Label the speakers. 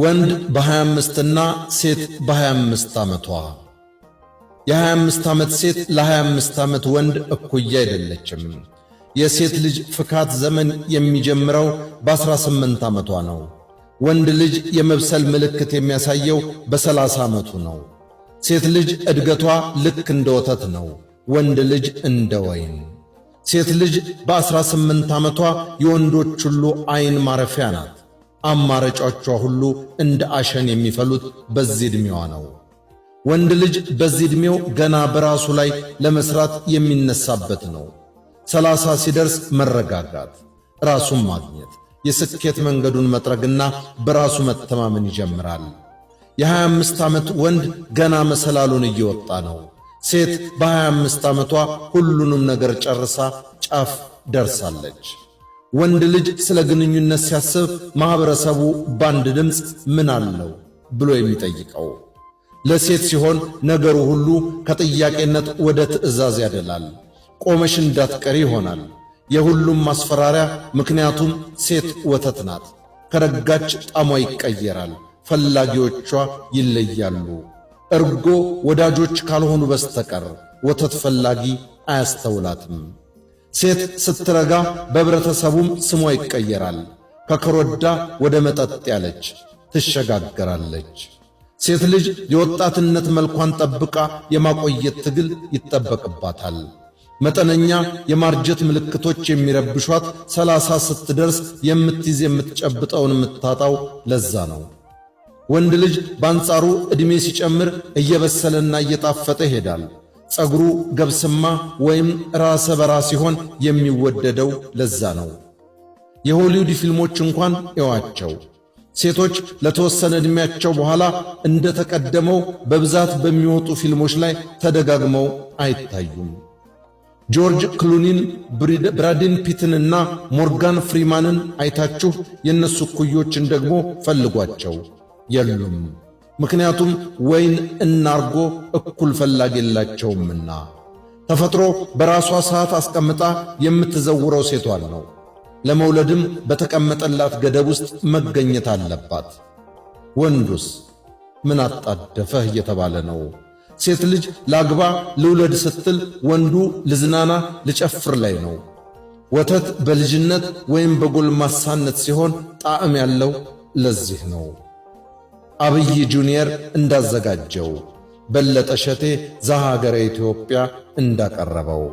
Speaker 1: ወንድ በ25 እና ሴት በ25 ዓመቷ። የ25 ዓመት ሴት ለ25 ዓመት ወንድ እኩያ አይደለችም። የሴት ልጅ ፍካት ዘመን የሚጀምረው በ18 ዓመቷ ነው። ወንድ ልጅ የመብሰል ምልክት የሚያሳየው በ30 ዓመቱ ነው። ሴት ልጅ እድገቷ ልክ እንደ ወተት ነው፣ ወንድ ልጅ እንደ ወይን። ሴት ልጅ በ18 ዓመቷ የወንዶች ሁሉ ዐይን ማረፊያ ናት። አማራጯ ሁሉ እንደ አሸን የሚፈሉት በዚህ ዕድሜዋ ነው። ወንድ ልጅ በዚህ ዕድሜው ገና በራሱ ላይ ለመስራት የሚነሳበት ነው። ሰላሳ ሲደርስ መረጋጋት፣ ራሱን ማግኘት፣ የስኬት መንገዱን መጥረግና በራሱ መተማመን ይጀምራል። የ25 ዓመት ወንድ ገና መሰላሉን እየወጣ ነው። ሴት በ25 ዓመቷ ሁሉንም ነገር ጨርሳ ጫፍ ደርሳለች። ወንድ ልጅ ስለ ግንኙነት ሲያስብ ማኅበረሰቡ በአንድ ድምፅ ምን አለው ብሎ የሚጠይቀው፣ ለሴት ሲሆን ነገሩ ሁሉ ከጥያቄነት ወደ ትዕዛዝ ያደላል። ቆመሽ እንዳትቀሪ ይሆናል የሁሉም ማስፈራሪያ። ምክንያቱም ሴት ወተት ናት። ከረጋች ጣሟ ይቀየራል፣ ፈላጊዎቿ ይለያሉ። እርጎ ወዳጆች ካልሆኑ በስተቀር ወተት ፈላጊ አያስተውላትም። ሴት ስትረጋ በኅብረተሰቡም ስሟ ይቀየራል። ከኮረዳ ወደ መጠጥ ያለች ትሸጋገራለች። ሴት ልጅ የወጣትነት መልኳን ጠብቃ የማቆየት ትግል ይጠበቅባታል። መጠነኛ የማርጀት ምልክቶች የሚረብሿት ሰላሳ ስትደርስ የምትይዝ የምትጨብጠውን የምታጣው ለዛ ነው። ወንድ ልጅ በአንጻሩ ዕድሜ ሲጨምር እየበሰለና እየጣፈጠ ይሄዳል። ጸጉሩ ገብስማ ወይም ራሰ በራ ሲሆን የሚወደደው ለዛ ነው። የሆሊውድ ፊልሞች እንኳን እዋቸው ሴቶች ለተወሰነ ዕድሜያቸው በኋላ እንደተቀደመው በብዛት በሚወጡ ፊልሞች ላይ ተደጋግመው አይታዩም። ጆርጅ ክሉኒን፣ ብራድን ፒትን እና ሞርጋን ፍሪማንን አይታችሁ የእነሱ እኩዮችን ደግሞ ፈልጓቸው የሉም። ምክንያቱም ወይን እናርጎ እኩል ፈላጊ የላቸውምና ተፈጥሮ በራሷ ሰዓት አስቀምጣ የምትዘውረው ሴቷን ነው። ለመውለድም በተቀመጠላት ገደብ ውስጥ መገኘት አለባት። ወንዱስ ምን አጣደፈህ እየተባለ ነው። ሴት ልጅ ላግባ ልውለድ ስትል ወንዱ ልዝናና ልጨፍር ላይ ነው። ወተት በልጅነት ወይም በጎልማሳነት ሲሆን ጣዕም ያለው ለዚህ ነው። አብይ ጁኒየር እንዳዘጋጀው፣ በለጠ ሸቴ ዘሀገረ ኢትዮጵያ እንዳቀረበው